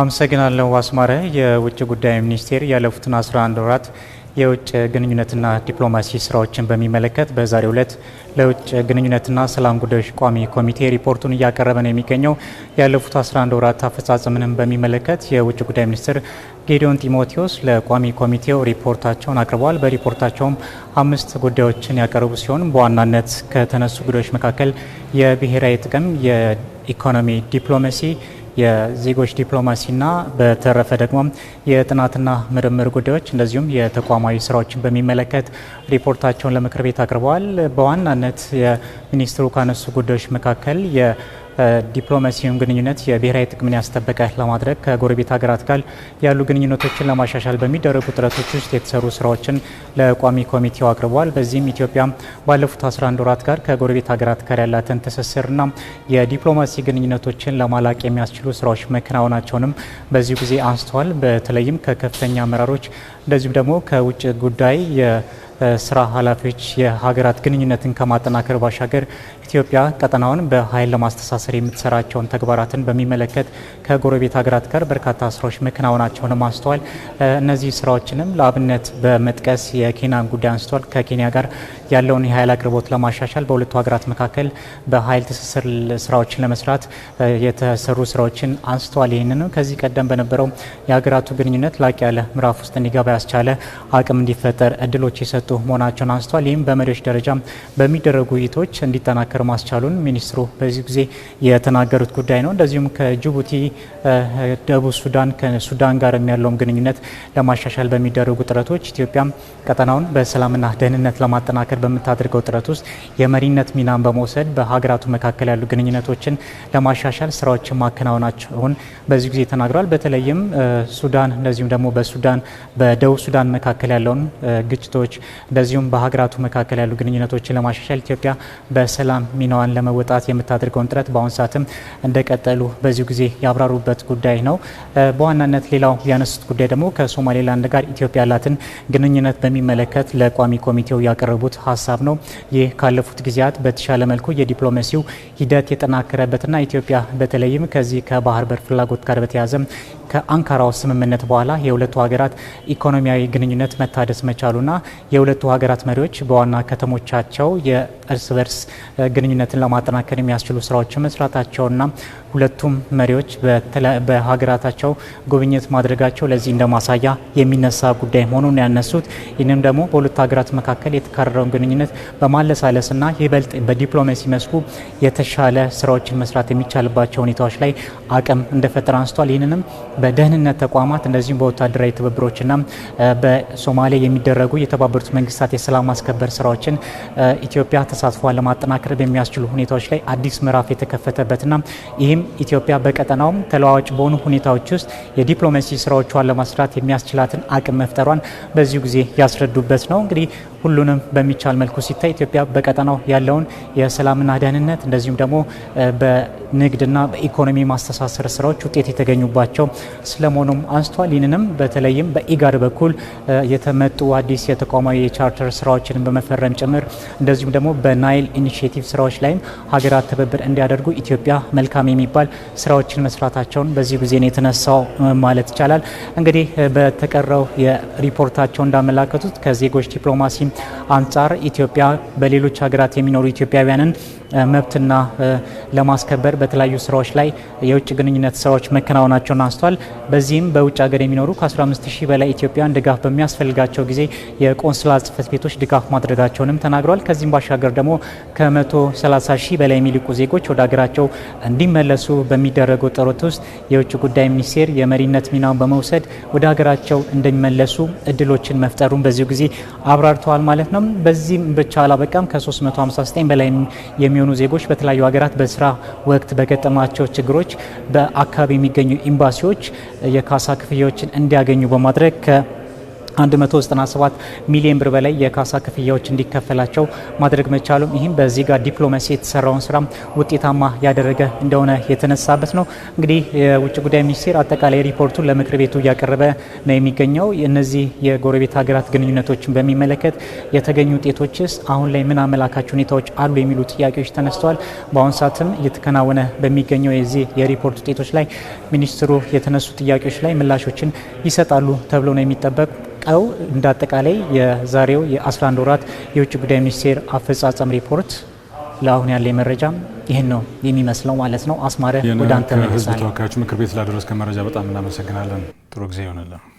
አመሰግናለሁ አስማረ። የውጭ ጉዳይ ሚኒስቴር ያለፉትን 11 ወራት የውጭ ግንኙነትና ዲፕሎማሲ ስራዎችን በሚመለከት በዛሬው ዕለት ለውጭ ግንኙነትና ሰላም ጉዳዮች ቋሚ ኮሚቴ ሪፖርቱን እያቀረበ ነው የሚገኘው። ያለፉት 11 ወራት አፈጻጸምንም በሚመለከት የውጭ ጉዳይ ሚኒስትር ጌዲዮን ጢሞቴዎስ ለቋሚ ኮሚቴው ሪፖርታቸውን አቅርበዋል። በሪፖርታቸውም አምስት ጉዳዮችን ያቀረቡ ሲሆን በዋናነት ከተነሱ ጉዳዮች መካከል የብሔራዊ ጥቅም፣ የኢኮኖሚ ዲፕሎማሲ የዜጎች ዲፕሎማሲና በተረፈ ደግሞ የጥናትና ምርምር ጉዳዮች እንደዚሁም የተቋማዊ ስራዎችን በሚመለከት ሪፖርታቸውን ለምክር ቤት አቅርበዋል። በዋናነት የሚኒስትሩ ካነሱ ጉዳዮች መካከል ዲፕሎማሲውን ግንኙነት የብሔራዊ ጥቅምን ያስጠበቀ ለማድረግ ከጎረቤት ሀገራት ጋር ያሉ ግንኙነቶችን ለማሻሻል በሚደረጉ ጥረቶች ውስጥ የተሰሩ ስራዎችን ለቋሚ ኮሚቴው አቅርበዋል። በዚህም ኢትዮጵያ ባለፉት 11 ወራት ጋር ከጎረቤት ሀገራት ጋር ያላትን ትስስርና የዲፕሎማሲ ግንኙነቶችን ለማላቅ የሚያስችሉ ስራዎች መከናወናቸውንም በዚሁ ጊዜ አንስተዋል። በተለይም ከከፍተኛ አመራሮች እንደዚሁም ደግሞ ከውጭ ጉዳይ ስራ ኃላፊዎች የሀገራት ግንኙነትን ከማጠናከር ባሻገር ኢትዮጵያ ቀጠናውን በኃይል ለማስተሳሰር የምትሰራቸውን ተግባራትን በሚመለከት ከጎረቤት ሀገራት ጋር በርካታ ስራዎች መከናወናቸውን አስተዋል። እነዚህ ስራዎችንም ለአብነት በመጥቀስ የኬንያን ጉዳይ አንስተዋል። ከኬንያ ጋር ያለውን የኃይል አቅርቦት ለማሻሻል በሁለቱ ሀገራት መካከል በኃይል ትስስር ስራዎችን ለመስራት የተሰሩ ስራዎችን አንስተዋል። ይህንንም ከዚህ ቀደም በነበረው የሀገራቱ ግንኙነት ላቅ ያለ ምዕራፍ ውስጥ እንዲገባ ያስቻለ አቅም እንዲፈጠር እድሎች የሰጡ መሆናቸውን አንስተዋል። ይህም በመሪዎች ደረጃ በሚደረጉ ውይይቶች እንዲጠናከር መጠናከር ማስቻሉን ሚኒስትሩ በዚህ ጊዜ የተናገሩት ጉዳይ ነው። እንደዚሁም ከጅቡቲ፣ ደቡብ ሱዳን ከሱዳን ጋር የሚያለውም ግንኙነት ለማሻሻል በሚደረጉ ጥረቶች ኢትዮጵያም ቀጠናውን በሰላምና ደህንነት ለማጠናከር በምታደርገው ጥረት ውስጥ የመሪነት ሚናን በመውሰድ በሀገራቱ መካከል ያሉ ግንኙነቶችን ለማሻሻል ስራዎችን ማከናወናቸውን በዚህ ጊዜ ተናግሯል። በተለይም ሱዳን እንደዚሁም ደግሞ በሱዳን በደቡብ ሱዳን መካከል ያለውን ግጭቶች እንደዚሁም በሀገራቱ መካከል ያሉ ግንኙነቶችን ለማሻሻል ኢትዮጵያ በሰላም ሚናዋን ለመወጣት የምታደርገውን ጥረት በአሁኑ ሰዓትም እንደቀጠሉ በዚሁ ጊዜ ያብራሩበት ጉዳይ ነው። በዋናነት ሌላው ያነሱት ጉዳይ ደግሞ ከሶማሌላንድ ጋር ኢትዮጵያ ያላትን ግንኙነት በሚመለከት ለቋሚ ኮሚቴው ያቀረቡት ሀሳብ ነው። ይህ ካለፉት ጊዜያት በተሻለ መልኩ የዲፕሎማሲው ሂደት የጠናከረበትና ኢትዮጵያ በተለይም ከዚህ ከባህር በር ፍላጎት ጋር በተያያዘ ከአንካራው ስምምነት በኋላ የሁለቱ ሀገራት ኢኮኖሚያዊ ግንኙነት መታደስ መቻሉና የሁለቱ ሀገራት መሪዎች በዋና ከተሞቻቸው የእርስ በርስ ግንኙነትን ለማጠናከር የሚያስችሉ ስራዎችን መስራታቸውና ሁለቱም መሪዎች በሀገራታቸው ጉብኝት ማድረጋቸው ለዚህ እንደማሳያ የሚነሳ ጉዳይ መሆኑን ያነሱት ይህንም ደግሞ በሁለቱ ሀገራት መካከል የተካረረውን ግንኙነት በማለሳለስና ይበልጥ በዲፕሎማሲ መስኩ የተሻለ ስራዎችን መስራት የሚቻልባቸው ሁኔታዎች ላይ አቅም እንደፈጠረ አንስቷል። ይህንንም በደህንነት ተቋማት እንደዚሁም በወታደራዊ ትብብሮችና በሶማሌ የሚደረጉ የተባበሩት መንግስታት የሰላም ማስከበር ስራዎችን ኢትዮጵያ ተሳትፏን ለማጠናከር የሚያስችሉ ሁኔታዎች ላይ አዲስ ምዕራፍ የተከፈተበትና ይህም ኢትዮጵያ በቀጠናውም ተለዋዋጭ በሆኑ ሁኔታዎች ውስጥ የዲፕሎማሲ ስራዎቿን ለማስራት የሚያስችላትን አቅም መፍጠሯን በዚሁ ጊዜ ያስረዱበት ነው። እንግዲህ ሁሉንም በሚቻል መልኩ ሲታይ ኢትዮጵያ በቀጠናው ያለውን የሰላምና ደህንነት እንደዚሁም ደግሞ በንግድና በኢኮኖሚ ማስተሳሰር ስራዎች ውጤት የተገኙባቸው ስለመሆኑም አንስቷል። ይህንንም በተለይም በኢጋድ በኩል የተመጡ አዲስ የተቋማዊ የቻርተር ስራዎችን በመፈረም ጭምር እንደዚሁም ደግሞ በናይል ኢኒሽቲቭ ስራዎች ላይም ሀገራት ትብብር እንዲያደርጉ ኢትዮጵያ መልካም የሚባል ስራዎችን መስራታቸውን በዚህ ጊዜ ነው የተነሳው ማለት ይቻላል። እንግዲህ በተቀረው የሪፖርታቸው እንዳመላከቱት ከዜጎች ዲፕሎማሲ አንጻር ኢትዮጵያ በሌሎች ሀገራት የሚኖሩ ኢትዮጵያውያንን መብትና ለማስከበር በተለያዩ ስራዎች ላይ የውጭ ግንኙነት ስራዎች መከናወናቸውን አንስቷል። በዚህም በውጭ ሀገር የሚኖሩ ከ150 በላይ ኢትዮጵያውያን ድጋፍ በሚያስፈልጋቸው ጊዜ የቆንስላ ጽህፈት ቤቶች ድጋፍ ማድረጋቸውንም ተናግረዋል። ከዚህም ባሻገር ደግሞ ከመቶ 30 ሺህ በላይ የሚልቁ ዜጎች ወደ ሀገራቸው እንዲመለሱ በሚደረገው ጥረት ውስጥ የውጭ ጉዳይ ሚኒስቴር የመሪነት ሚናውን በመውሰድ ወደ ሀገራቸው እንደሚመለሱ እድሎችን መፍጠሩን በዚሁ ጊዜ አብራርተዋል ማለት ነው። በዚህም ብቻ አላበቃም። ከ359 በላይ የሚሆኑ ዜጎች በተለያዩ ሀገራት በስራ ወቅት በገጠማቸው ችግሮች በአካባቢ የሚገኙ ኤምባሲዎች የካሳ ክፍያዎችን እንዲያገኙ በማድረግ 197 ሚሊዮን ብር በላይ የካሳ ክፍያዎች እንዲከፈላቸው ማድረግ መቻሉም ይህም በዚህ ጋር ዲፕሎማሲ የተሰራውን ስራ ውጤታማ ያደረገ እንደሆነ የተነሳበት ነው። እንግዲህ የውጭ ጉዳይ ሚኒስቴር አጠቃላይ ሪፖርቱን ለምክር ቤቱ እያቀረበ ነው የሚገኘው። እነዚህ የጎረቤት ሀገራት ግንኙነቶችን በሚመለከት የተገኙ ውጤቶችስ አሁን ላይ ምን አመላካች ሁኔታዎች አሉ የሚሉ ጥያቄዎች ተነስተዋል። በአሁኑ ሰዓትም እየተከናወነ በሚገኘው የዚህ የሪፖርት ውጤቶች ላይ ሚኒስትሩ የተነሱ ጥያቄዎች ላይ ምላሾችን ይሰጣሉ ተብሎ ነው የሚጠበቅ የተጠናቀቀው እንዳጠቃላይ የዛሬው የ11 ወራት የውጭ ጉዳይ ሚኒስቴር አፈጻጸም ሪፖርት ለአሁን ያለ መረጃ ይህን ነው የሚመስለው ማለት ነው። አስማረ ወደ አንተ መልሳለሁ። ተወካዮች ምክር ቤት ስላደረስከ መረጃ በጣም እናመሰግናለን። ጥሩ ጊዜ ይሆንልን።